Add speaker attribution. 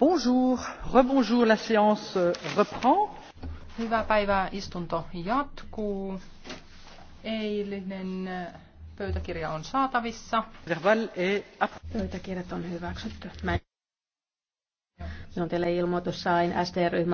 Speaker 1: Bonjour, rebonjour, la séance euh,
Speaker 2: reprend. Hyvää päivää, istunto jatkuu. Eilinen äh, pöytäkirja on saatavissa. Pöytäkirjat on hyväksytty.
Speaker 3: on teille ilmoitus sain ST-ryhmän